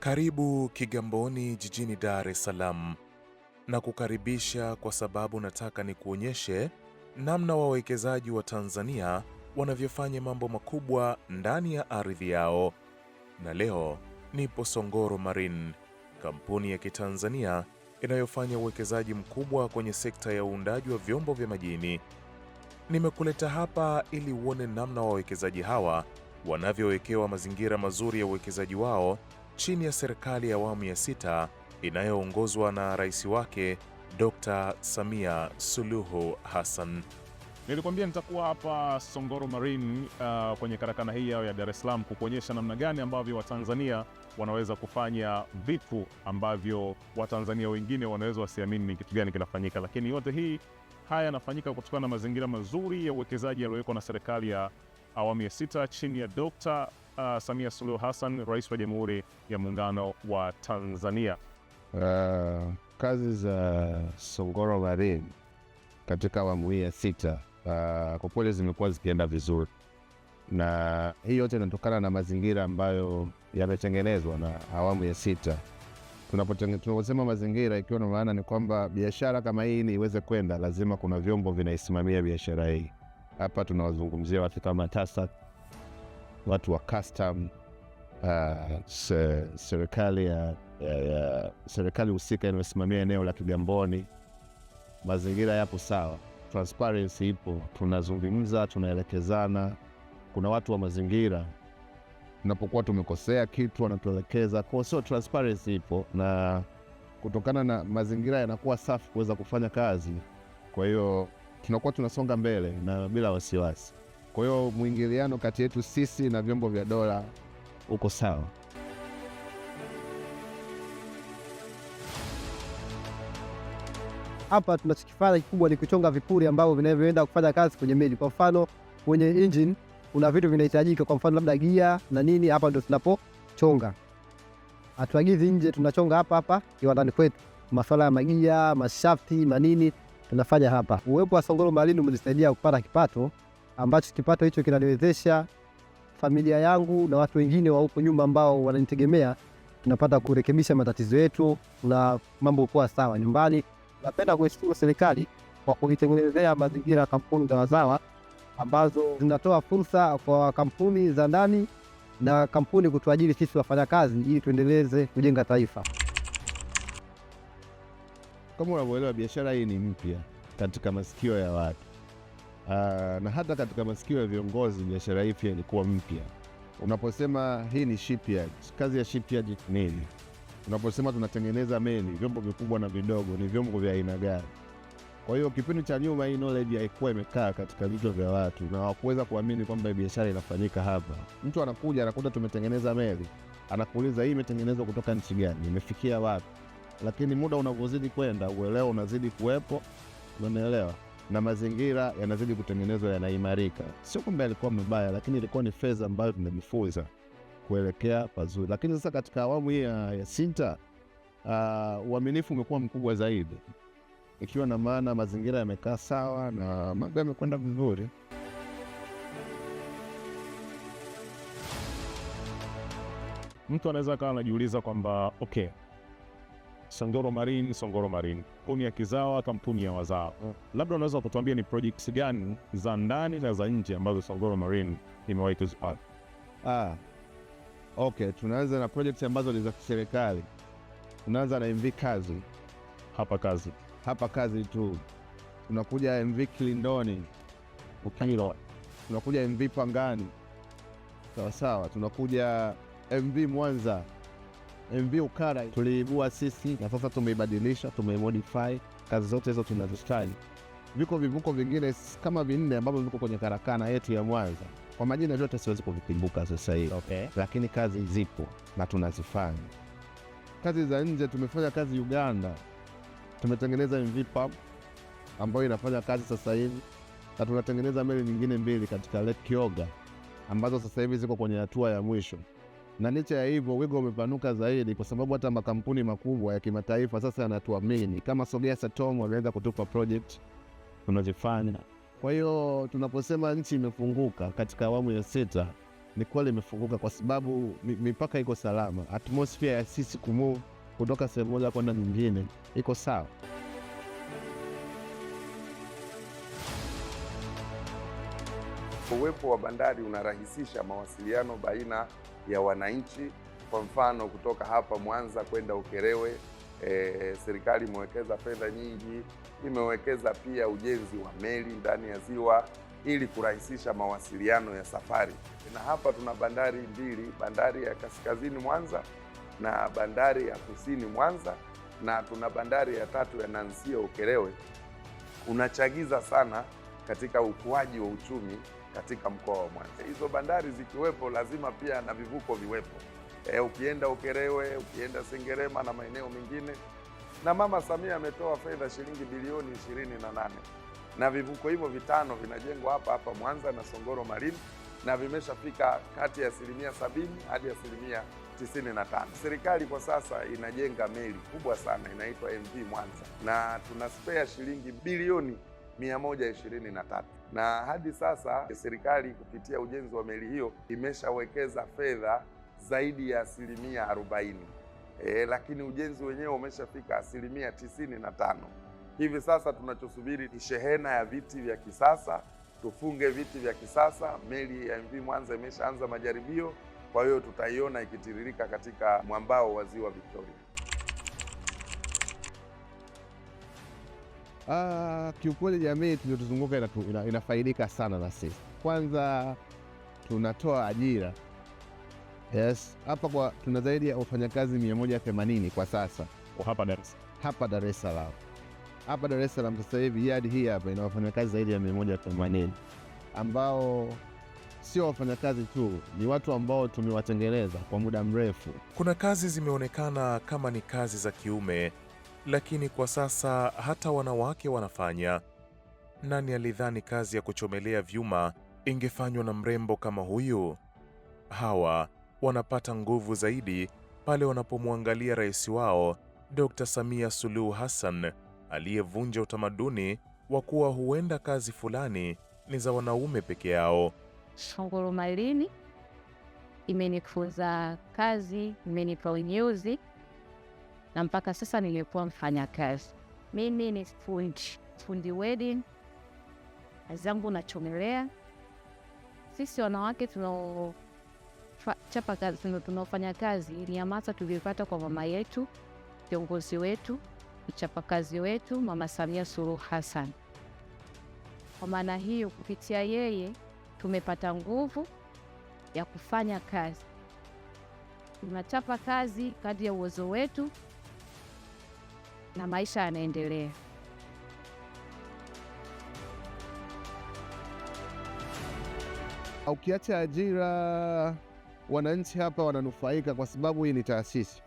Karibu Kigamboni jijini Dar es Salaam na kukaribisha kwa sababu nataka nikuonyeshe namna wawekezaji wa Tanzania wanavyofanya mambo makubwa ndani ya ardhi yao. Na leo nipo Songoro Marine, kampuni ya Kitanzania inayofanya uwekezaji mkubwa kwenye sekta ya uundaji wa vyombo vya majini. Nimekuleta hapa ili uone namna wawekezaji hawa wanavyowekewa mazingira mazuri ya uwekezaji wao chini ya serikali ya awamu ya sita inayoongozwa na rais wake Dr. Samia Suluhu Hassan. Nilikwambia nitakuwa hapa Songoro Marine uh, kwenye karakana hii yao ya Dar es Salaam kukuonyesha namna gani ambavyo Watanzania wanaweza kufanya vitu ambavyo Watanzania wengine wanaweza wasiamini ni kitu gani kinafanyika, lakini yote hii haya yanafanyika kutokana na mazingira mazuri ya uwekezaji yaliyowekwa na serikali ya awamu ya sita chini ya Dr uh, Samia Suluhu Hassan, rais wa Jamhuri ya Muungano wa Tanzania. Uh, kazi za Songoro Marine katika awamu hii ya sita uh, kwa kweli zimekuwa zikienda vizuri, na hii yote inatokana na mazingira ambayo yametengenezwa na awamu ya sita. Tunaposema mazingira, ikiwa na maana ni kwamba biashara kama hii ili iweze kwenda, lazima kuna vyombo vinaisimamia biashara hii. Hapa tunawazungumzia watu kama TASAC watu wa custom uh, se, serikali ya, ya, serikali husika inayosimamia eneo la Kigamboni, mazingira yapo sawa, transparency ipo, tunazungumza, tunaelekezana. Kuna watu wa mazingira, tunapokuwa tumekosea kitu wanatuelekeza kwa sio transparency ipo, na kutokana na mazingira yanakuwa safi kuweza kufanya kazi, kwa hiyo tunakuwa tunasonga mbele na bila wasiwasi. Kwa hiyo mwingiliano kati yetu sisi na vyombo vya dola uko sawa. Hapa tunachokifanya kikubwa ni kuchonga vipuri ambavyo vinavyoenda kufanya kazi kwenye meli. Kwa mfano kwenye engine kuna vitu vinahitajika, kwa mfano labda gia na nini. Hapa ndo tunapochonga, hatuagizi nje, tunachonga hapa hapa kiwandani kwetu. Masuala ya magia, mashafti, manini tunafanya hapa. Uwepo wa Songoro Marine umenisaidia kupata kipato ambacho kipato hicho kinaniwezesha familia yangu na watu wengine wa huko nyumba ambao wananitegemea, tunapata kurekebisha matatizo yetu na mambo kuwa sawa nyumbani. Napenda kuishukuru serikali kwa kuitengenezea mazingira ya kampuni za wazawa ambazo zinatoa fursa kwa kampuni za ndani na kampuni kutuajiri sisi wafanyakazi ili tuendeleze kujenga taifa. Kama unavyoelewa, biashara hii ni mpya katika masikio ya watu Ah, na hata katika masikio ya viongozi biashara hii pia ilikuwa mpya. Unaposema hii ni shipyard, kazi ya shipyard nini? Unaposema tunatengeneza meli, vyombo vikubwa na vidogo, ni vyombo vya aina gani? Kwa hiyo kipindi cha nyuma hii knowledge haikuwa imekaa katika vichwa vya watu na hawakuweza kuamini kwamba biashara inafanyika hapa. Mtu anakuja anakuta tumetengeneza meli, anakuuliza hii imetengenezwa kutoka nchi gani, imefikia wapi? Lakini muda unavyozidi kwenda, uelewa unazidi kuwepo. Umeelewa? na mazingira yanazidi kutengenezwa, yanaimarika. Sio kwamba yalikuwa mabaya, lakini ilikuwa ni fedha ambayo tumejifunza kuelekea pazuri. Lakini sasa katika awamu hii ya, ya sita uh, uaminifu umekuwa mkubwa zaidi, ikiwa na maana mazingira yamekaa sawa na mambo yamekwenda vizuri. Mtu anaweza akawa anajiuliza kwamba okay Sangoro Marine, Songoro Marine, kampuni ya kizawa, kampuni ya wazawa. Mm. Labda unaweza ukatuambia ni projects gani za ndani na za nje ambazo Songoro Marine imewahi kuzipata? Ah, okay, tunaanza na projects ambazo ni za kiserikali. Tunaanza na MV Kazi, hapa kazi, hapa kazi tu. Tunakuja MV Kilindoni, Ukilo. Tunakuja MV Pangani, sawasawa. Tunakuja MV Mwanza MV Ukara tuliibua sisi na sasa tumeibadilisha, tumemodify Kazi zote hizo tunazostyle. Viko vivuko vingine kama vinne ambavyo viko kwenye karakana yetu ya Mwanza. Kwa majina yote siwezi kuvikumbuka sasa hivi okay. Lakini kazi zipo na tunazifanya. Kazi za nje tumefanya kazi Uganda, tumetengeneza MV Pub ambayo inafanya kazi sasa hivi, na tunatengeneza meli nyingine mbili katika Lake Kyoga ambazo sasa hivi ziko kwenye hatua ya mwisho na licha ya hivyo wigo umepanuka zaidi, kwa sababu hata makampuni makubwa ya kimataifa sasa yanatuamini kama Sogea Satom, wameweza kutupa project tunazifanya. Kwa hiyo tunaposema nchi imefunguka katika awamu ya sita, ni kweli imefunguka, kwa sababu mipaka iko salama, atmosphere ya sisi kumove kutoka sehemu moja kwenda nyingine iko sawa. Uwepo wa bandari unarahisisha mawasiliano baina ya wananchi. Kwa mfano, kutoka hapa Mwanza kwenda Ukerewe, e, serikali imewekeza fedha nyingi, imewekeza pia ujenzi wa meli ndani ya ziwa ili kurahisisha mawasiliano ya safari. Na hapa tuna bandari mbili, bandari ya kaskazini Mwanza na bandari ya kusini Mwanza, na tuna bandari ya tatu ya nansio Ukerewe. Unachagiza sana katika ukuaji wa uchumi katika mkoa wa Mwanza. Hizo bandari zikiwepo, lazima pia na vivuko viwepo. E, ukienda Ukerewe, ukienda Sengerema na maeneo mengine. Na Mama Samia ametoa fedha shilingi bilioni ishirini na nane na vivuko hivyo vitano vinajengwa hapa hapa Mwanza na Songoro Marine na vimeshafika kati ya asilimia sabini hadi asilimia tisini na tano. Serikali kwa sasa inajenga meli kubwa sana inaitwa MV Mwanza na tuna spare shilingi bilioni mia moja ishirini na tatu na hadi sasa serikali kupitia ujenzi wa meli hiyo imeshawekeza fedha zaidi ya asilimia arobaini. E, lakini ujenzi wenyewe umeshafika asilimia tisini na tano. Hivi sasa tunachosubiri ni shehena ya viti vya kisasa, tufunge viti vya kisasa. Meli ya MV Mwanza imeshaanza majaribio, kwa hiyo tutaiona ikitiririka katika mwambao wa Ziwa Victoria. Ah, kiukweli jamii tuliotuzunguka ina, ina, inafaidika sana na sisi. Kwanza tunatoa ajira yes, hapa kwa tuna zaidi ya wafanyakazi 180 kwa sasa oh, hapa Dar es Salaam. Hapa Dar es Salaam sasa hivi yadi hii hapa ina wafanyakazi zaidi ya 180 ambao sio wafanyakazi tu, ni watu ambao tumewatengeneza kwa muda mrefu. Kuna kazi zimeonekana kama ni kazi za kiume lakini kwa sasa hata wanawake wanafanya. Nani alidhani kazi ya kuchomelea vyuma ingefanywa na mrembo kama huyu? Hawa wanapata nguvu zaidi pale wanapomwangalia rais wao Dr. Samia Suluhu Hassan aliyevunja utamaduni wa kuwa huenda kazi fulani ni za wanaume peke yao. Shanguru Malini imenifunza kazi, imenipa ujuzi na mpaka sasa nimekuwa mfanya kazi. Mimi ni fundi, fundi wedding zangu nachomelea. Sisi wanawake tunaochapa kazi, tunaofanya kazi ni hamasa tuliyopata kwa mama yetu, kiongozi wetu, mchapakazi wetu, Mama Samia Suluhu Hassan. Kwa maana hiyo, kupitia yeye tumepata nguvu ya kufanya kazi, tunachapa kazi kadri ya uwezo wetu na maisha yanaendelea. Ukiacha ajira, wananchi hapa wananufaika kwa sababu hii ni taasisi,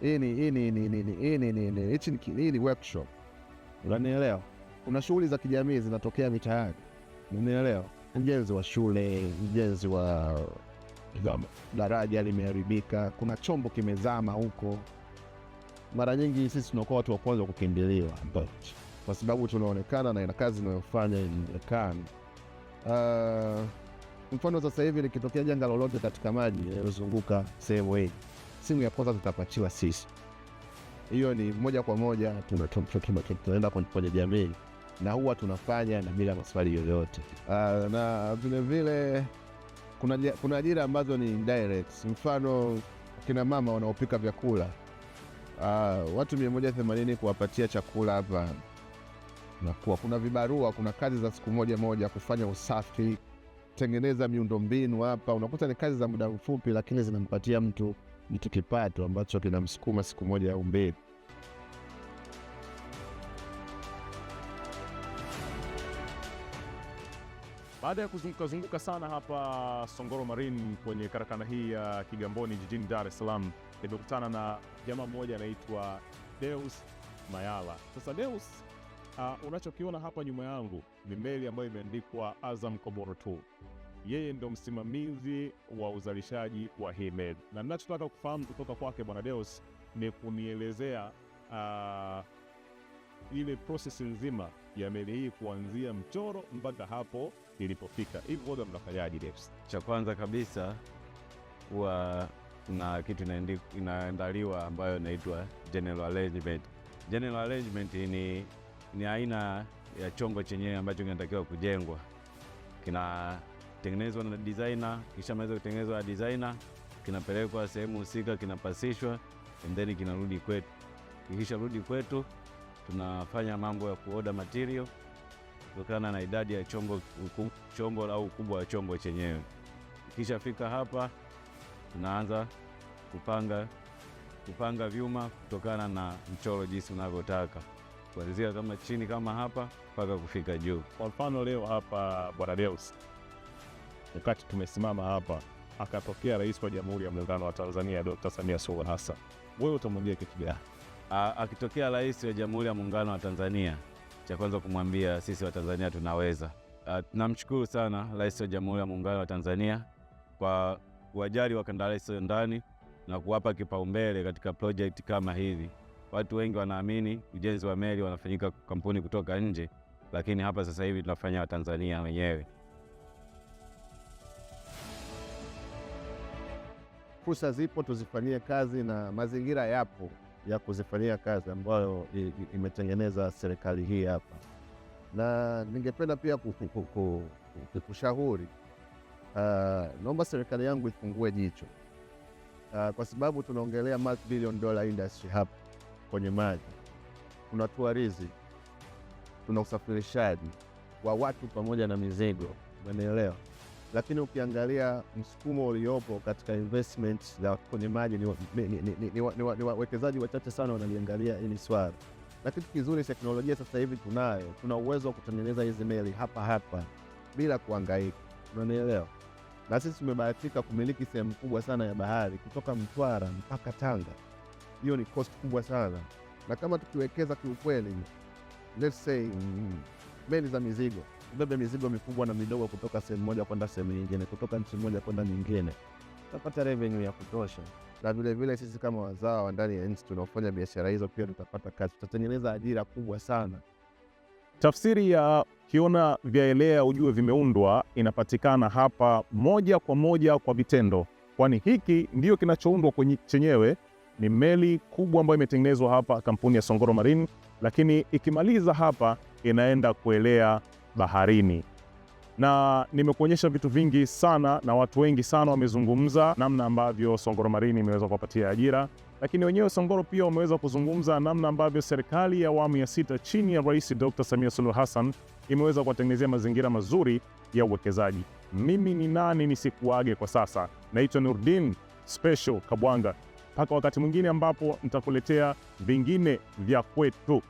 hii ni hichi ni workshop, unanielewa? Kuna shughuli za kijamii zinatokea mitaani, unanielewa? Ujenzi wa shule, ujenzi wa daraja limeharibika, kuna chombo kimezama huko mara nyingi sisi tunakuwa watu wa kwanza kukimbiliwa, kwa sababu tunaonekana na ina kazi inayofanya inaonekana. Uh, mfano sasa hivi likitokea janga lolote katika maji inayozunguka sehemu hii, simu ya kwanza tutapatiwa sisi. Hiyo ni moja kwa moja tunaenda kwenye jamii, na huwa tunafanya na bila maswali yoyote. Uh, na vilevile kuna ajira ambazo ni direct, mfano kina mama wanaopika vyakula uh, watu 180 kuwapatia chakula hapa kuwa kuna vibarua, kuna kazi za siku moja moja, kufanya usafi, tengeneza miundombinu hapa, unakuta ni kazi za muda mfupi, lakini zinampatia mtu mtu kipato ambacho kinamsukuma siku moja au mbili. Baada ya kuzungukazunguka sana hapa Songoro Marine kwenye karakana hii ya Kigamboni jijini Dar es Salaam, nimekutana na jamaa mmoja anaitwa Deus Mayala. Sasa Deus, uh, unachokiona hapa nyuma yangu ni meli ambayo imeandikwa Azam Komoro 2. Yeye ndo msimamizi wa uzalishaji wa hii meli, na ninachotaka kufahamu kutoka kwake bwana Deus ni kunielezea uh, ile prosesi nzima ya meli hii kuanzia mchoro mpaka hapo ilipofika. hivi waga mnafanyaje Devs? Cha kwanza kabisa huwa na kitu inaandaliwa ambayo inaitwa general arrangement. General arrangement ni, ni aina ya chongo chenyewe ambacho kinatakiwa kujengwa, kinatengenezwa na designer, kisha maweza kutengenezwa na designer, kinapelekwa sehemu husika, kinapasishwa and then kinarudi kwetu, kisha rudi kwetu tunafanya mambo ya kuoda material kutokana na idadi ya chombo, uku, chombo au ukubwa wa chombo chenyewe. Ikishafika hapa tunaanza kupanga, kupanga vyuma kutokana na mchoro jinsi unavyotaka kuanzia kama chini kama hapa mpaka kufika juu. Kwa mfano leo hapa Bwana Deus, wakati tumesimama hapa akatokea Rais wa Jamhuri ya Muungano wa Tanzania Dr. Samia Suluhu Hassan, wewe utamwambia kitu gani? akitokea Rais wa Jamhuri ya Muungano wa Tanzania, cha kwanza kumwambia sisi Watanzania tunaweza. Tunamshukuru sana Rais wa Jamhuri ya Muungano wa Tanzania kwa kuwajali wakandarasi ndani na kuwapa kipaumbele katika project kama hivi. Watu wengi wanaamini ujenzi wa meli wanafanyika kampuni kutoka nje, lakini hapa sasa hivi tunafanya Watanzania wenyewe. Fursa zipo, tuzifanyie kazi na mazingira yapo ya kuzifanyia kazi ambayo imetengeneza serikali hii hapa, na ningependa pia kukushauri uh, ah, naomba serikali yangu ifungue jicho uh, kwa sababu tunaongelea multi billion dollar industry hapa kwenye maji. Kuna tuarizi, tuna usafirishaji wa watu pamoja na mizigo, umeelewa? lakini ukiangalia msukumo uliopo katika investment za kwenye maji ni, wawekezaji wachache sana wanaliangalia hili swala, na kitu kizuri teknolojia sasa hivi tunayo, tuna uwezo wa kutengeneza hizi meli hapa hapa bila kuangaika, unanielewa? Na sisi tumebahatika kumiliki sehemu kubwa sana ya bahari kutoka Mtwara mpaka Tanga. Hiyo ni cost kubwa sana, na kama tukiwekeza kiukweli, let's say mm, meli za mizigo kubeba mizigo mikubwa na midogo kutoka sehemu moja kwenda sehemu nyingine, kutoka nchi moja kwenda nyingine, tutapata revenue ya kutosha, na vilevile sisi kama wazawa ndani ya nchi tunaofanya biashara hizo pia tutapata kazi, tutatengeneza ajira kubwa sana. Tafsiri ya kiona vyaelea ujue vimeundwa inapatikana hapa moja kwa moja kwa vitendo, kwani hiki ndio kinachoundwa chenyewe ni meli kubwa ambayo imetengenezwa hapa kampuni ya Songoro Marine, lakini ikimaliza hapa inaenda kuelea baharini na nimekuonyesha vitu vingi sana na watu wengi sana wamezungumza namna ambavyo Songoro Marini imeweza kuwapatia ajira, lakini wenyewe Songoro pia wameweza kuzungumza namna ambavyo serikali ya awamu ya sita chini ya Rais Dr. Samia Suluhu Hassan imeweza kuwatengenezea mazingira mazuri ya uwekezaji. Mimi ni nani nisikuage kwa sasa? Naitwa Nurdin Special Kabwanga, mpaka wakati mwingine ambapo nitakuletea vingine vya kwetu.